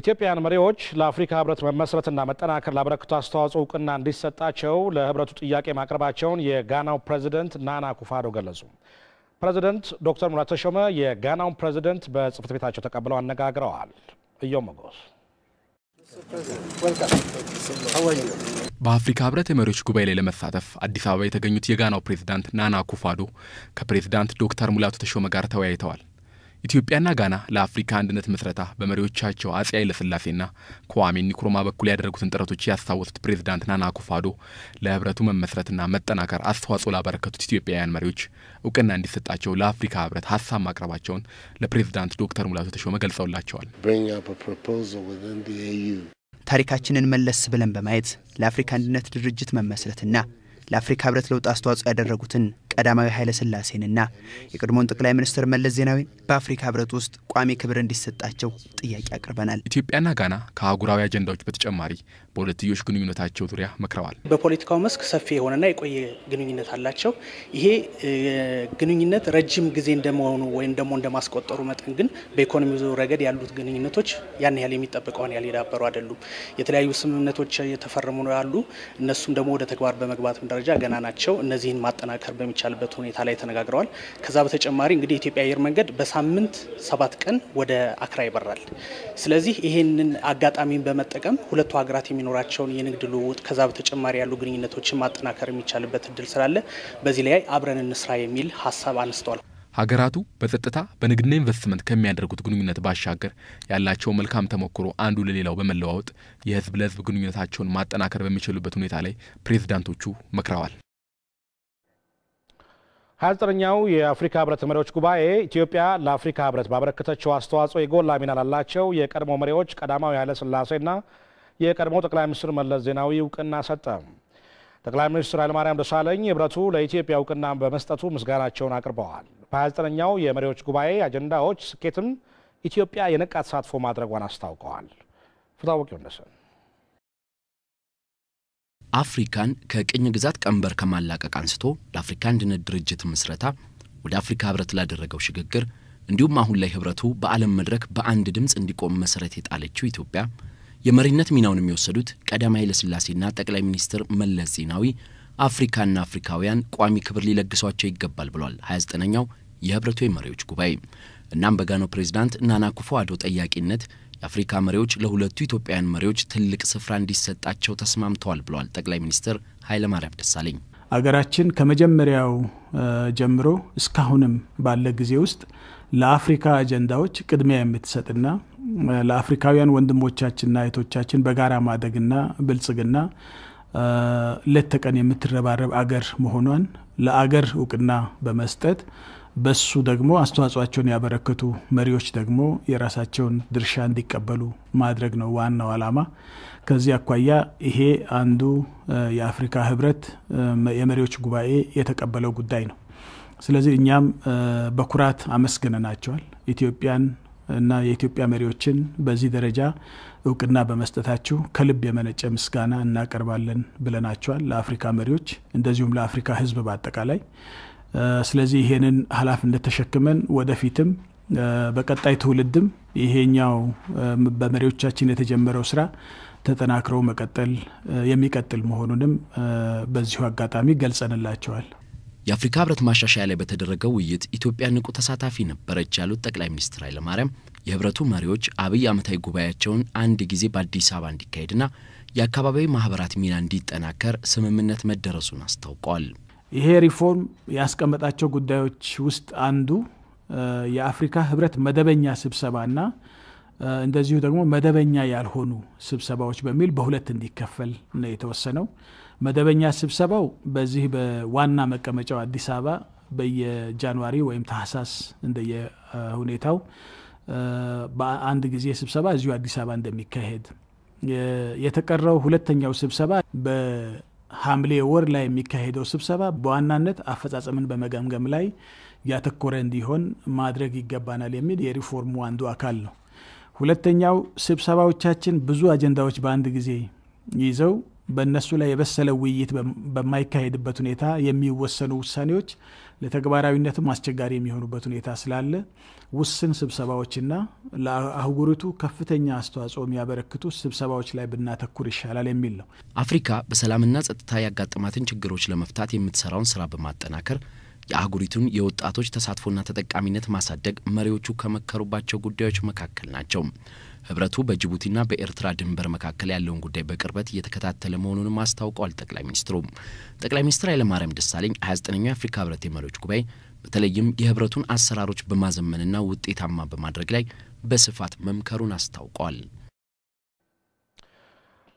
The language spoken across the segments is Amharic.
ኢትዮጵያውያን መሪዎች ለአፍሪካ ህብረት መመስረትና መጠናከር ላበረከቱ አስተዋጽኦ እውቅና እንዲሰጣቸው ለህብረቱ ጥያቄ ማቅረባቸውን የጋናው ፕሬዚደንት ናና ኩፋዶ ገለጹ። ፕሬዚደንት ዶክተር ሙላቱ ተሾመ የጋናውን ፕሬዚደንት በጽህፈት ቤታቸው ተቀብለው አነጋግረዋል። እዮም መጎስ በአፍሪካ ህብረት የመሪዎች ጉባኤ ላይ ለመሳተፍ አዲስ አበባ የተገኙት የጋናው ፕሬዚዳንት ናና ኩፋዶ ከፕሬዚዳንት ዶክተር ሙላቱ ተሾመ ጋር ተወያይተዋል። ኢትዮጵያና ጋና ለአፍሪካ አንድነት ምስረታ በመሪዎቻቸው አጼ ኃይለሥላሴና ከዋሜ ኒኩሩማ በኩል ያደረጉትን ጥረቶች ያስታወሱት ፕሬዝዳንት ናና ኩፋዶ ለህብረቱ መመስረትና መጠናከር አስተዋጽኦ ላበረከቱት ኢትዮጵያውያን መሪዎች እውቅና እንዲሰጣቸው ለአፍሪካ ህብረት ሀሳብ ማቅረባቸውን ለፕሬዝዳንት ዶክተር ሙላቱ ተሾመ ገልጸውላቸዋል። ታሪካችንን መለስ ብለን በማየት ለአፍሪካ አንድነት ድርጅት መመስረትና ለአፍሪካ ህብረት ለውጥ አስተዋጽኦ ያደረጉትን ቀዳማዊ ኃይለ ኃይለሥላሴንና የቀድሞውን ጠቅላይ ሚኒስትር መለስ ዜናዊን በአፍሪካ ህብረት ውስጥ ቋሚ ክብር እንዲሰጣቸው ጥያቄ አቅርበናል። ኢትዮጵያና ጋና ከአህጉራዊ አጀንዳዎች በተጨማሪ በሁለትዮሽ ግንኙነታቸው ዙሪያ መክረዋል። በፖለቲካው መስክ ሰፊ የሆነና የቆየ ግንኙነት አላቸው። ይሄ ግንኙነት ረጅም ጊዜ እንደመሆኑ ወይም ደግሞ እንደማስቆጠሩ መጠን ግን በኢኮኖሚ ረገድ ያሉት ግንኙነቶች ያን ያህል የሚጠበቀውን ያህል የዳበሩ አይደሉም። የተለያዩ ስምምነቶች የተፈረሙ ያሉ፣ እነሱም ደግሞ ወደ ተግባር በመግባትም ደረጃ ገና ናቸው። እነዚህን ማጠናከር በሚቻልበት ሁኔታ ላይ ተነጋግረዋል። ከዛ በተጨማሪ እንግዲህ የኢትዮጵያ አየር መንገድ በሳምንት ሰባት ቀን ወደ አክራ ይበራል። ስለዚህ ይሄንን አጋጣሚን በመጠቀም ሁለቱ ሀገራት የሚ የሚኖራቸውን የንግድ ልውውጥ ከዛ በተጨማሪ ያሉ ግንኙነቶችን ማጠናከር የሚቻልበት እድል ስላለ በዚህ ላይ አብረን እንስራ የሚል ሀሳብ አነስተዋል። ሀገራቱ በጸጥታ በንግድና ኢንቨስትመንት ከሚያደርጉት ግንኙነት ባሻገር ያላቸው መልካም ተሞክሮ አንዱ ለሌላው በመለዋወጥ የህዝብ ለህዝብ ግንኙነታቸውን ማጠናከር በሚችሉበት ሁኔታ ላይ ፕሬዝዳንቶቹ መክረዋል። ሀያ ዘጠነኛው የአፍሪካ ህብረት መሪዎች ጉባኤ ኢትዮጵያ ለአፍሪካ ህብረት ባበረከተችው አስተዋጽኦ የጎላ ሚና ላላቸው የቀድሞ መሪዎች ቀዳማዊ ኃይለሥላሴና የቀድሞው ጠቅላይ ሚኒስትር መለስ ዜናዊ እውቅና ሰጠ። ጠቅላይ ሚኒስትር ኃይለማርያም ደሳለኝ ህብረቱ ለኢትዮጵያ እውቅና በመስጠቱ ምስጋናቸውን አቅርበዋል። በ29ኛው የመሪዎች ጉባኤ አጀንዳዎች ስኬትም ኢትዮጵያ የነቃ ተሳትፎ ማድረጓን አስታውቀዋል። ፍታወቅ ወንደሰን አፍሪካን ከቅኝ ግዛት ቀንበር ከማላቀቅ አንስቶ ለአፍሪካ አንድነት ድርጅት ምስረታ ወደ አፍሪካ ህብረት ላደረገው ሽግግር እንዲሁም አሁን ላይ ህብረቱ በዓለም መድረክ በአንድ ድምፅ እንዲቆም መሰረት የጣለችው ኢትዮጵያ የመሪነት ሚናውን የሚወሰዱት ቀዳማዊ ሥላሴና ጠቅላይ ሚኒስትር መለስ ዜናዊ አፍሪካና አፍሪካውያን ቋሚ ክብር ሊለግሷቸው ይገባል ብሏል 29ኛው የህብረቱ የመሪዎች ጉባኤ። እናም በጋናው ፕሬዚዳንት ናና ኩፎ አዶ ጠያቂነት የአፍሪካ መሪዎች ለሁለቱ ኢትዮጵያውያን መሪዎች ትልቅ ስፍራ እንዲሰጣቸው ተስማምተዋል ብለዋል ጠቅላይ ሚኒስትር ኃይለማርያም ደሳለኝ። አገራችን ከመጀመሪያው ጀምሮ እስካሁንም ባለ ጊዜ ውስጥ ለአፍሪካ አጀንዳዎች ቅድሚያ የምትሰጥና ለአፍሪካውያን ወንድሞቻችንና እህቶቻችን በጋራ ማደግና ብልጽግና ሌት ተቀን የምትረባረብ አገር መሆኗን ለአገር እውቅና በመስጠት በሱ ደግሞ አስተዋጽኦቸውን ያበረከቱ መሪዎች ደግሞ የራሳቸውን ድርሻ እንዲቀበሉ ማድረግ ነው ዋናው አላማ። ከዚህ አኳያ ይሄ አንዱ የአፍሪካ ህብረት የመሪዎች ጉባኤ የተቀበለው ጉዳይ ነው። ስለዚህ እኛም በኩራት አመስግነናቸዋል ኢትዮጵያን እና የኢትዮጵያ መሪዎችን በዚህ ደረጃ እውቅና በመስጠታችሁ ከልብ የመነጨ ምስጋና እናቀርባለን ብለናቸዋል። ለአፍሪካ መሪዎች እንደዚሁም ለአፍሪካ ህዝብ በአጠቃላይ ስለዚህ ይሄንን ኃላፊነት ተሸክመን ወደፊትም በቀጣይ ትውልድም ይሄኛው በመሪዎቻችን የተጀመረው ስራ ተጠናክሮ መቀጠል የሚቀጥል መሆኑንም በዚሁ አጋጣሚ ገልጸንላቸዋል። የአፍሪካ ህብረት ማሻሻያ ላይ በተደረገው ውይይት ኢትዮጵያ ንቁ ተሳታፊ ነበረች ያሉት ጠቅላይ ሚኒስትር ኃይለማርያም የህብረቱ መሪዎች አብይ ዓመታዊ ጉባኤያቸውን አንድ ጊዜ በአዲስ አበባ እንዲካሄድና የአካባቢዊ ማህበራት ሚና እንዲጠናከር ስምምነት መደረሱን አስታውቀዋል። ይሄ ሪፎርም ያስቀመጣቸው ጉዳዮች ውስጥ አንዱ የአፍሪካ ህብረት መደበኛ ስብሰባና እንደዚሁ ደግሞ መደበኛ ያልሆኑ ስብሰባዎች በሚል በሁለት እንዲከፈል ነው የተወሰነው። መደበኛ ስብሰባው በዚህ በዋና መቀመጫው አዲስ አበባ በየጃንዋሪ ወይም ታህሳስ እንደየሁኔታው በአንድ ጊዜ ስብሰባ እዚሁ አዲስ አበባ እንደሚካሄድ የተቀረው ሁለተኛው ስብሰባ ሐምሌ ወር ላይ የሚካሄደው ስብሰባ በዋናነት አፈጻጸምን በመገምገም ላይ ያተኮረ እንዲሆን ማድረግ ይገባናል የሚል የሪፎርሙ አንዱ አካል ነው። ሁለተኛው ስብሰባዎቻችን ብዙ አጀንዳዎች በአንድ ጊዜ ይዘው በእነሱ ላይ የበሰለ ውይይት በማይካሄድበት ሁኔታ የሚወሰኑ ውሳኔዎች ለተግባራዊነትም አስቸጋሪ የሚሆኑበት ሁኔታ ስላለ ውስን ስብሰባዎችና ለአህጉሪቱ ከፍተኛ አስተዋጽኦ የሚያበረክቱ ስብሰባዎች ላይ ብናተኩር ይሻላል የሚል ነው። አፍሪካ በሰላምና ጸጥታ ያጋጠማትን ችግሮች ለመፍታት የምትሰራውን ስራ በማጠናከር የአህጉሪቱን የወጣቶች ተሳትፎና ተጠቃሚነት ማሳደግ መሪዎቹ ከመከሩባቸው ጉዳዮች መካከል ናቸው። ህብረቱ በጅቡቲና በኤርትራ ድንበር መካከል ያለውን ጉዳይ በቅርበት እየተከታተለ መሆኑንም አስታውቀዋል። ጠቅላይ ሚኒስትሩ ጠቅላይ ሚኒስትር ኃይለማርያም ደሳለኝ 29ኛው የአፍሪካ ህብረት የመሪዎች ጉባኤ በተለይም የህብረቱን አሰራሮች በማዘመንና ውጤታማ በማድረግ ላይ በስፋት መምከሩን አስታውቀዋል።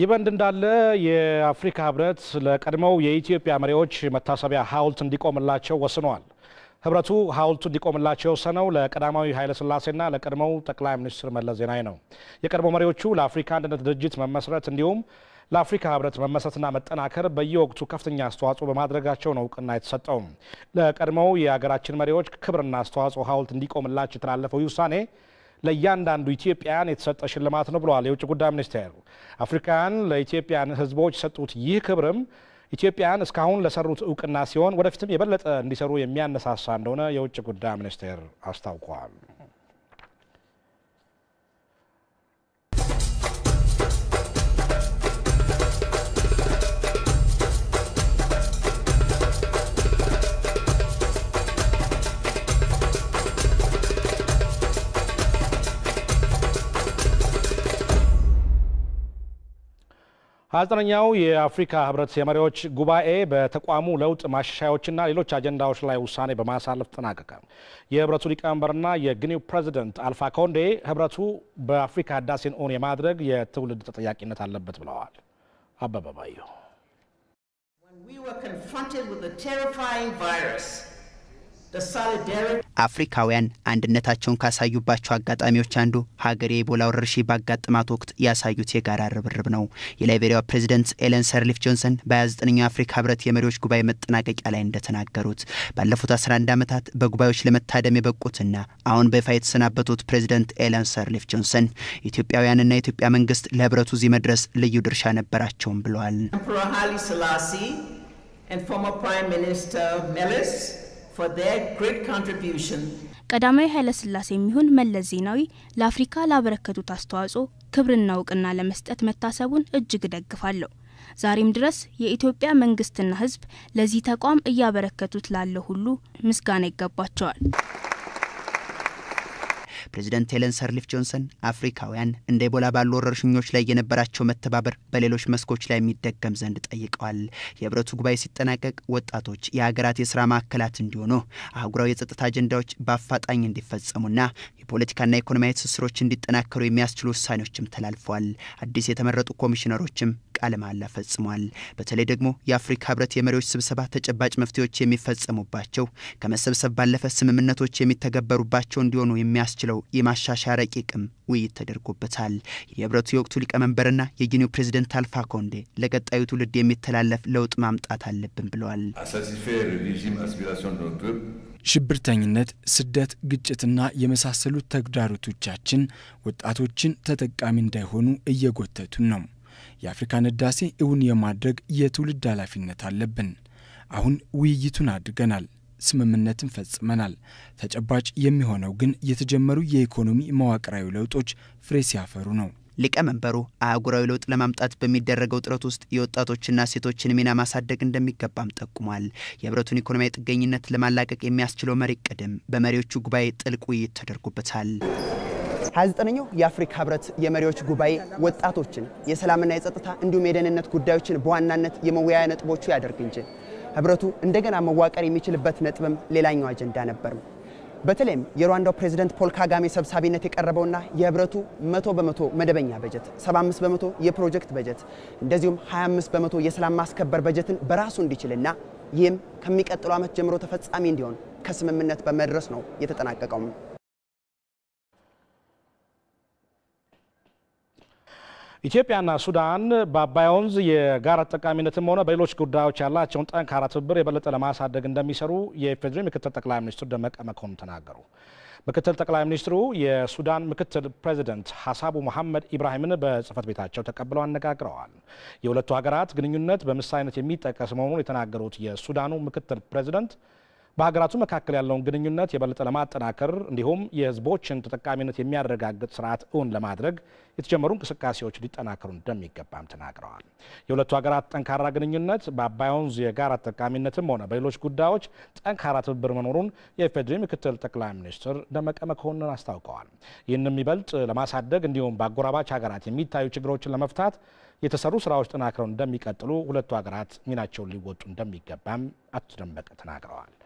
ይህ በእንዲህ እንዳለ የአፍሪካ ህብረት ለቀድሞው የኢትዮጵያ መሪዎች መታሰቢያ ሐውልት እንዲቆምላቸው ወስነዋል። ህብረቱ ሐውልቱ እንዲቆምላቸው የወሰነው ለቀዳማዊ ኃይለሥላሴና ለቀድሞው ጠቅላይ ሚኒስትር መለስ ዜናዊ ነው። የቀድሞ መሪዎቹ ለአፍሪካ አንድነት ድርጅት መመስረት እንዲሁም ለአፍሪካ ህብረት መመስረትና መጠናከር በየወቅቱ ከፍተኛ አስተዋጽኦ በማድረጋቸው ነው እውቅና የተሰጠው። ለቀድሞው የሀገራችን መሪዎች ክብርና አስተዋጽኦ ሐውልት እንዲቆምላቸው የተላለፈው ውሳኔ ለእያንዳንዱ ኢትዮጵያን የተሰጠ ሽልማት ነው ብለዋል የውጭ ጉዳይ ሚኒስቴር። አፍሪካውያን ለኢትዮጵያን ህዝቦች የሰጡት ይህ ክብርም ኢትዮጵያን እስካሁን ለሰሩት እውቅና ሲሆን ወደፊትም የበለጠ እንዲሰሩ የሚያነሳሳ እንደሆነ የውጭ ጉዳይ ሚኒስቴር አስታውቋል። 29ኛው የአፍሪካ ህብረት የመሪዎች ጉባኤ በተቋሙ ለውጥ ማሻሻያዎችና ሌሎች አጀንዳዎች ላይ ውሳኔ በማሳለፍ ተጠናቀቀ። የህብረቱ ሊቀመንበርና የግኒው ፕሬዚደንት አልፋ ኮንዴ ህብረቱ በአፍሪካ ህዳሴን እውን የማድረግ የትውልድ ተጠያቂነት አለበት ብለዋል። አበበ ባየሁ አፍሪካውያን አንድነታቸውን ካሳዩባቸው አጋጣሚዎች አንዱ ሀገር የኢቦላ ወረርሽኝ ባጋጠማት ወቅት ያሳዩት የጋራ ርብርብ ነው። የላይቤሪያ ፕሬዚደንት ኤለን ሰርሊፍ ጆንሰን በ29ኛው አፍሪካ ህብረት የመሪዎች ጉባኤ መጠናቀቂያ ላይ እንደተናገሩት ባለፉት 11 ዓመታት በጉባኤዎች ለመታደም የበቁትና አሁን በይፋ የተሰናበቱት ፕሬዚደንት ኤለን ሰርሊፍ ጆንሰን ኢትዮጵያውያንና የኢትዮጵያ መንግስት ለህብረቱ እዚህ መድረስ ልዩ ድርሻ ነበራቸውም ብለዋል። ቀዳማዊ ኃይለስላሴ የሚሆን መለስ ዜናዊ ለአፍሪካ ላበረከቱት አስተዋጽኦ ክብርና እውቅና ለመስጠት መታሰቡን እጅግ ደግፋለሁ። ዛሬም ድረስ የኢትዮጵያ መንግስትና ሕዝብ ለዚህ ተቋም እያበረከቱት ላለው ሁሉ ምስጋና ይገባቸዋል። ፕሬዚደንት ሄለን ሰርሊፍ ጆንሰን አፍሪካውያን እንደ ኢቦላ ባሉ ወረርሽኞች ላይ የነበራቸው መተባበር በሌሎች መስኮች ላይ የሚደገም ዘንድ ጠይቀዋል። የህብረቱ ጉባኤ ሲጠናቀቅ ወጣቶች የሀገራት የስራ ማዕከላት እንዲሆኑ፣ አህጉራዊ የጸጥታ አጀንዳዎች በአፋጣኝ እንዲፈጸሙና የፖለቲካና ኢኮኖሚያዊ ትስስሮች እንዲጠናከሩ የሚያስችሉ ውሳኔዎችም ተላልፈዋል። አዲስ የተመረጡ ኮሚሽነሮችም ቃለ መሃላ ፈጽሟል። በተለይ ደግሞ የአፍሪካ ህብረት የመሪዎች ስብሰባ ተጨባጭ መፍትሄዎች የሚፈጸሙባቸው ከመሰብሰብ ባለፈ ስምምነቶች የሚተገበሩባቸው እንዲሆኑ የሚያስችለው የተጀመረው የማሻሻያ ረቂቅም ውይይት ተደርጎበታል። የህብረቱ የወቅቱ ሊቀመንበርና የጊኒው ፕሬዚደንት አልፋ ኮንዴ ለቀጣዩ ትውልድ የሚተላለፍ ለውጥ ማምጣት አለብን ብለዋል። ሽብርተኝነት፣ ስደት፣ ግጭትና የመሳሰሉት ተግዳሮቶቻችን ወጣቶችን ተጠቃሚ እንዳይሆኑ እየጎተቱን ነው። የአፍሪካን ህዳሴ እውን የማድረግ የትውልድ ኃላፊነት አለብን። አሁን ውይይቱን አድርገናል። ስምምነትን ፈጽመናል። ተጨባጭ የሚሆነው ግን የተጀመሩ የኢኮኖሚ መዋቅራዊ ለውጦች ፍሬ ሲያፈሩ ነው። ሊቀመንበሩ አህጉራዊ ለውጥ ለማምጣት በሚደረገው ጥረት ውስጥ የወጣቶችና ሴቶችን ሚና ማሳደግ እንደሚገባም ጠቁሟል። የህብረቱን ኢኮኖሚያዊ ጥገኝነት ለማላቀቅ የሚያስችለው መሪ ቅድም በመሪዎቹ ጉባኤ ጥልቅ ውይይት ተደርጎበታል። 29ኛው የአፍሪካ ህብረት የመሪዎች ጉባኤ ወጣቶችን፣ የሰላምና የጸጥታ እንዲሁም የደህንነት ጉዳዮችን በዋናነት የመወያያ ነጥቦቹ ያደርግ እንጂ ህብረቱ እንደገና መዋቀር የሚችልበት ነጥብም ሌላኛው አጀንዳ ነበርም። በተለይም የሩዋንዳው ፕሬዝደንት ፖል ካጋሜ ሰብሳቢነት የቀረበውና የህብረቱ 100 በመቶ መደበኛ በጀት፣ 75 በመቶ የፕሮጀክት በጀት እንደዚሁም 25 በመቶ የሰላም ማስከበር በጀትን በራሱ እንዲችልና ይህም ከሚቀጥለው ዓመት ጀምሮ ተፈጻሚ እንዲሆን ከስምምነት በመድረስ ነው የተጠናቀቀውም። ኢትዮጵያና ሱዳን በአባይ ወንዝ የጋራ ተጠቃሚነትም ሆነ በሌሎች ጉዳዮች ያላቸውን ጠንካራ ትብብር የበለጠ ለማሳደግ እንደሚሰሩ የኢፌዴሪ ምክትል ጠቅላይ ሚኒስትሩ ደመቀ መኮንን ተናገሩ። ምክትል ጠቅላይ ሚኒስትሩ የሱዳን ምክትል ፕሬዚደንት ሀሳቡ መሐመድ ኢብራሂምን በጽህፈት ቤታቸው ተቀብለው አነጋግረዋል። የሁለቱ ሀገራት ግንኙነት በምሳሌነት የሚጠቀስ መሆኑን የተናገሩት የሱዳኑ ምክትል ፕሬዚደንት በሀገራቱ መካከል ያለውን ግንኙነት የበለጠ ለማጠናከር እንዲሁም የህዝቦችን ተጠቃሚነት የሚያረጋግጥ ስርዓት እውን ለማድረግ የተጀመሩ እንቅስቃሴዎች ሊጠናከሩ እንደሚገባም ተናግረዋል። የሁለቱ ሀገራት ጠንካራ ግንኙነት በአባይ ወንዝ የጋራ ተጠቃሚነትም ሆነ በሌሎች ጉዳዮች ጠንካራ ትብብር መኖሩን የኢፌዴሪ ምክትል ጠቅላይ ሚኒስትር ደመቀ መኮንን አስታውቀዋል። ይህንም ይበልጥ ለማሳደግ እንዲሁም በአጎራባች ሀገራት የሚታዩ ችግሮችን ለመፍታት የተሰሩ ስራዎች ጠናክረው እንደሚቀጥሉ ሁለቱ ሀገራት ሚናቸውን ሊወጡ እንደሚገባም አቶ ደመቀ ተናግረዋል።